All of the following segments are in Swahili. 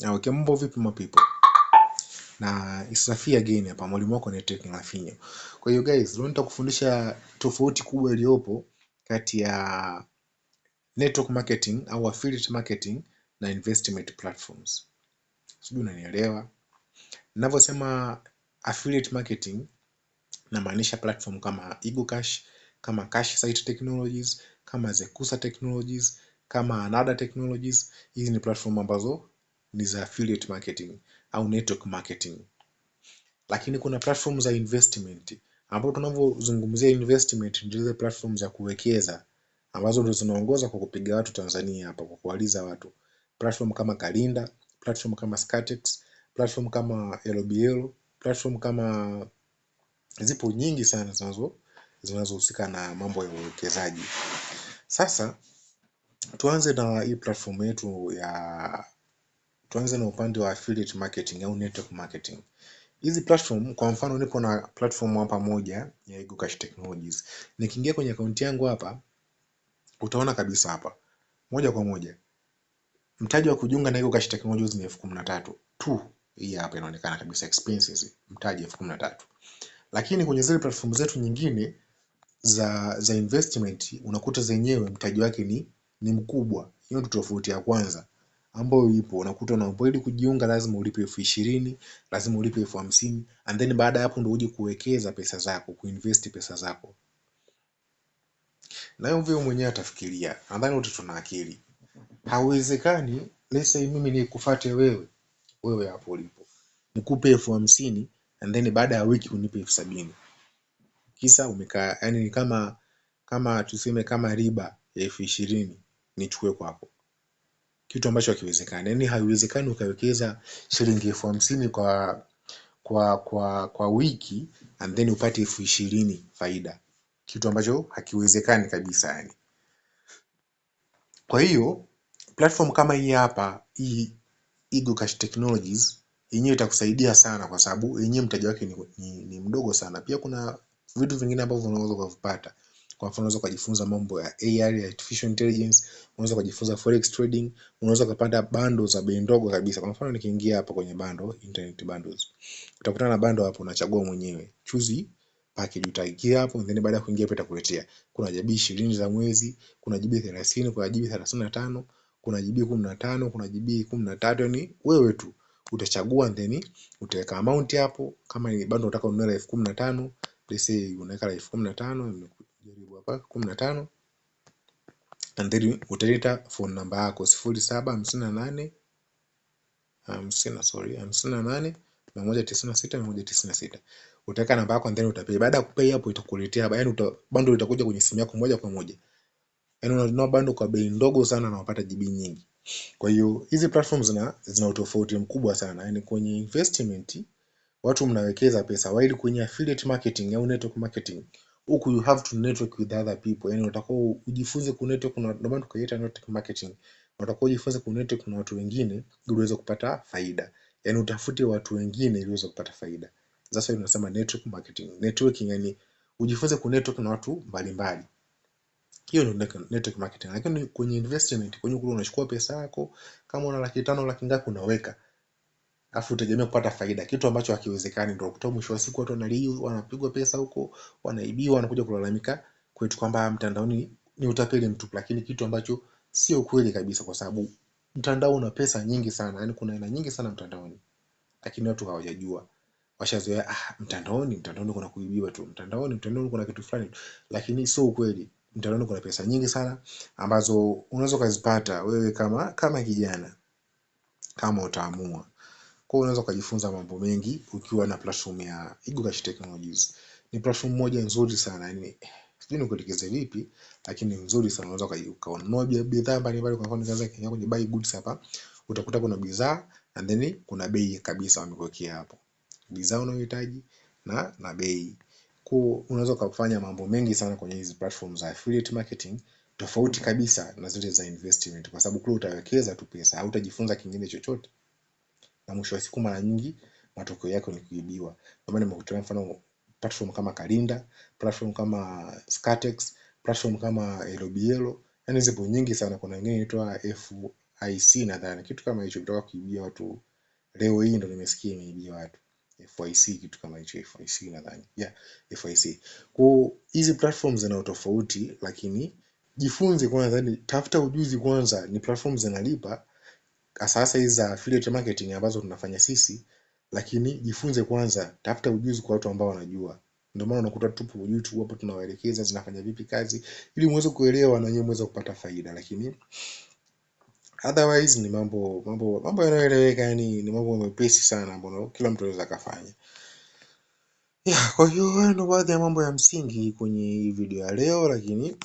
Yeah, okay, ukiambo vipi people? na it's isafia again hapa, mwalimu wako ni Tech Lafinyo. Kwa hiyo guys, leo nitakufundisha tofauti kubwa iliyopo kati ya network marketing au affiliate marketing na investment platforms. Sijui unanielewa ninavyosema affiliate marketing, namaanisha platform kama EagleCash, kama Cash Site Technologies, kama Zekusa Technologies, kama Anada Technologies. Hizi ni platform ambazo ni za affiliate marketing au network marketing. Lakini kuna platform za investment ambapo tunavyozungumzia investment ndio zile platform za kuwekeza ambazo ndio zinaongoza kwa kupiga watu Tanzania hapa kwa kuwaliza watu. Platform kama Kalinda, platform kama Skatex, platform kama LBL, platform kama zipo nyingi sana zinazo zinazohusika na mambo ya uwekezaji. Sasa tuanze na hii platform yetu ya Tuanze na upande wa affiliate marketing au network marketing. Hizi platform kwa mfano niko na platform hapa moja ya Ego Cash Technologies. Nikiingia kwenye akaunti yangu hapa utaona kabisa hapa moja kwa moja mtaji wa kujiunga na Ego Cash Technologies ni elfu kumi na tatu tu. Hii hapa inaonekana kabisa expenses, mtaji elfu kumi na tatu. Lakini kwenye zile platform zetu nyingine za za investment unakuta zenyewe mtaji wake ni ni mkubwa. Hiyo ndio tofauti ya kwanza ambayo ipo unakuta unapo ili kujiunga lazima ulipe elfu ishirini lazima ulipe elfu hamsini and then baada ya hapo ndio uje kuwekeza pesa zako kuinvest pesa zako nayo vile mwenyewe atafikiria nadhani wote tuna akili hawezekani let's say mimi nikufate wewe wewe hapo ulipo nikupe elfu hamsini and then baada ya wiki unipe elfu sabini kisa umekaa yani ni kama kama tuseme kama riba elfu ishirini nichukue kwako kitu ambacho hakiwezekani. Yaani haiwezekani ukawekeza shilingi elfu hamsini kwa kwa kwa kwa wiki and then upate elfu ishirini faida, kitu ambacho hakiwezekani kabisa yani. Kwa hiyo platform kama hii hapa hii Eagle Cash Technologies yenyewe itakusaidia sana, kwa sababu yenyewe mtaji wake ni, ni, ni mdogo sana. Pia kuna vitu vingine ambavyo unaweza ukavipata. Kwa mfano unaweza ukajifunza mambo ya AI, artificial intelligence, unaweza ukajifunza forex trading, unaweza ukapata bundles za bei ndogo kabisa. Kwa mfano nikiingia hapa kwenye bundle, internet bundles. Utakutana na bundle hapo unachagua mwenyewe. Choose package utaikia hapo, then baada ya kuingia hapo itakuletea. Kuna GB 20 za mwezi, kuna GB 30, kuna GB 35, kuna GB 15, kuna GB 13, yani wewe tu utachagua then utaweka amount hapo, kama ni bundle unataka ununue elfu kumi na tano, let's say unaweka elfu kumi na tano jaribu hapa kumi na tano and then utaleta phone namba yako sifuri saba hamsini na nane hamsini sorry hamsini na nane mia moja tisini na sita mia moja tisini na sita utaweka namba yako and then Baada ya kupay hapo itakuletea yani uta, bando litakuja kwenye simu yako moja kwa moja. Yani unanunua bando kwa bei ndogo sana na unapata GB nyingi. Kwa hiyo hizi platforms zina zina utofauti mkubwa sana. Yani kwenye investment watu mnawekeza pesa, while kwenye affiliate marketing au network marketing huku you have to network with other people, yani utakuwa ujifunze ku network, na ndio maana tukaiita network marketing. Utakuwa ujifunze ku network na watu wengine ili uweze kupata faida, yani utafute watu wengine ili uweze kupata faida. Sasa hiyo tunasema network marketing, networking, yani ujifunze ku network na watu mbalimbali. Hiyo ndio network marketing. Lakini kwenye investment, kwenye kule unachukua pesa yako, kama una laki tano laki ngapi unaweka afu utegemea kupata faida, kitu ambacho hakiwezekani. Ndio kutoa mwisho wa siku watu wanaliu, wanapigwa pesa huko, wanaibiwa, wanakuja kulalamika kwetu kwamba mtandaoni ni utapeli mtu lakini kitu ambacho sio kweli kabisa, kwa sababu mtandao una pesa nyingi sana, yani kuna aina nyingi sana mtandaoni, lakini watu hawajajua washazoea ah, mtandaoni mtandaoni kuna kuibiwa tu, mtandaoni mtandaoni kuna kitu fulani, lakini sio ukweli. Mtandaoni kuna pesa nyingi sana ambazo unaweza ukazipata wewe kama kama kijana kama utaamua. Kwa hiyo unaweza ukajifunza mambo mengi ukiwa na platform ya Igorash Technologies. Ni platform moja nzuri sana yani, sijui nikuelekeze vipi, lakini nzuri sana unaweza ukaonunua bidhaa mbalimbali kwa mfano kaza Kenya kwenye buy goods hapa, utakuta kuna bidhaa and then kuna bei kabisa wamekuwekea hapo. Bidhaa unayohitaji na na bei. Kwa hiyo unaweza kufanya mambo mengi sana kwenye hizi platform za affiliate marketing tofauti kabisa na zile za investment kwa sababu kule utawekeza tu pesa, hautajifunza kingine chochote na mwisho wa siku mara nyingi matokeo yake ni kuibiwa. Ndio maana nimekutana mfano platform kama Kalinda, platform kama Skatex, platform kama Elobielo, yani zipo nyingi sana. Kuna nyingine inaitwa FIC nadhani, kitu kama hicho, kutoka kuibia watu. Leo hii ndo nimesikia imeibia watu FIC, kitu kama hicho FIC nadhani, yeah FIC. Kwa hizi platforms zina utofauti, lakini jifunze kwanza, yaani tafuta ujuzi kwanza, ni platforms zinalipa hasa hizi za affiliate marketing ambazo tunafanya sisi, lakini jifunze kwanza, tafuta ujuzi kwa watu ambao wanajua. Ndio maana unakuta tupo YouTube hapo tunawaelekeza zinafanya vipi kazi ili muweze kuelewa na nyinyi muweze kupata faida, lakini otherwise ni mambo mambo mambo yanayoeleweka, yani ni mambo mepesi sana ambayo kila mtu anaweza kufanya. Yeah, kwa hiyo hayo ndio baadhi ya mambo ya msingi kwenye hii video ya leo, lakini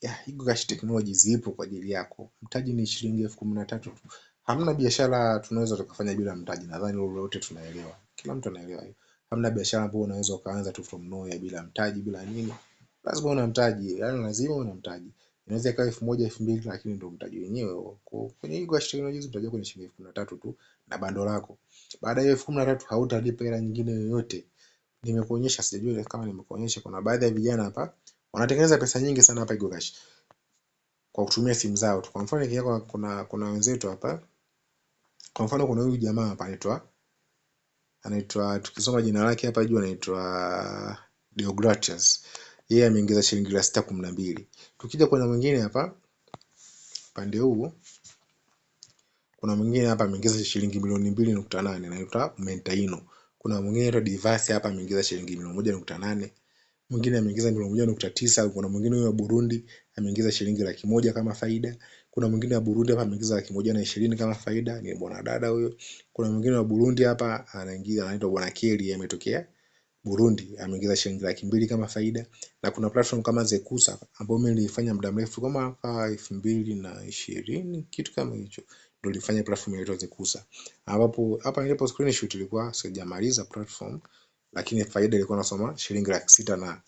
yeah, Eagle Cash Technology zipo kwa ajili yako. Mtaji ni shilingi elfu kumi na tatu tu. Hamna biashara tunaweza tukafanya bila mtaji. Nadhani wote tunaelewa. Kila mtu anaelewa hiyo. Hamna biashara ambayo unaweza ukaanza tu from nowhere bila mtaji, bila nini. Lazima una mtaji. yani lazima una mtaji. Inaweza ikawa elfu moja elfu mbili lakini ndio mtaji wenyewe. Kwenye hii Gosh Technologies mtaji wako ni shilingi elfu kumi na tatu tu na bando lako. Baada ya elfu kumi na tatu hautalipa hela nyingine yoyote. Nimekuonyesha, sijajua kama nimekuonyesha, kuna baadhi ya vijana hapa wanatengeneza pesa nyingi sana hapa Gosh kwa kutumia simu zao tu. Kwa mfano kuna kuna wenzetu hapa kwa mfano kuna huyu jamaa hapa anaitwa anaitwa tukisoma jina lake hapa juu anaitwa Deogratias. Yeye ameingiza shilingi laki sita kumi na mbili. Tukija kuna mwingine hapa pande huu kuna mwingine hapa ameingiza shilingi milioni mbili nukta nane anaitwa Mentaino. Kuna mwingine anaitwa Divasi hapa ameingiza shilingi milioni moja nukta nane mwingine ameingiza milioni moja nukta tisa kuna mwingine huyo wa Burundi ameingiza shilingi laki moja kama faida. Kuna mwingine wa Burundi hapa ameingiza laki moja na ishirini kama faida, ni mwanadada huyo. Kuna mwingine wa Burundi hapa anaingiza, anaitwa Bwana Keli, ametokea Burundi, ameingiza shilingi laki mbili kama faida. Na kuna platform kama Zekusa ambayo mimi nilifanya muda mrefu kama hapa elfu mbili na ishirini kitu kama hicho ndio nilifanya platform inaitwa Zekusa, ambapo hapa nilipo screenshot ilikuwa sijamaliza platform, lakini faida ilikuwa nasoma shilingi laki sita na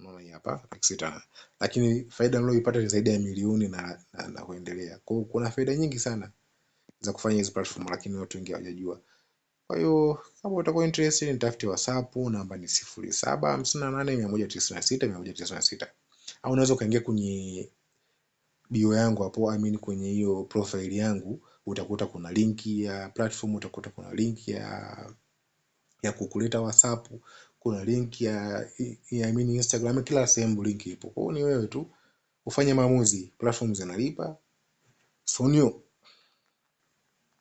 Unaona hii hapa Pix sita. Lakini faida mlioipata ni zaidi ya milioni na, na, na kuendelea. Kwa hiyo kuna faida nyingi sana za kufanya hizo platform lakini watu wengi hawajajua. Kwa hiyo kama utakuwa interested nitafute WhatsApp namba ni 0758196196 au unaweza ukaingia kwenye bio yangu hapo, I mean kwenye hiyo profile yangu utakuta kuna linki ya platform, utakuta kuna linki ya ya kukuleta WhatsApp kuna link ya, ya mini Instagram, kila sehemu link ipo. Kwa hiyo ni wewe tu ufanye maamuzi, platform zinalipa sonio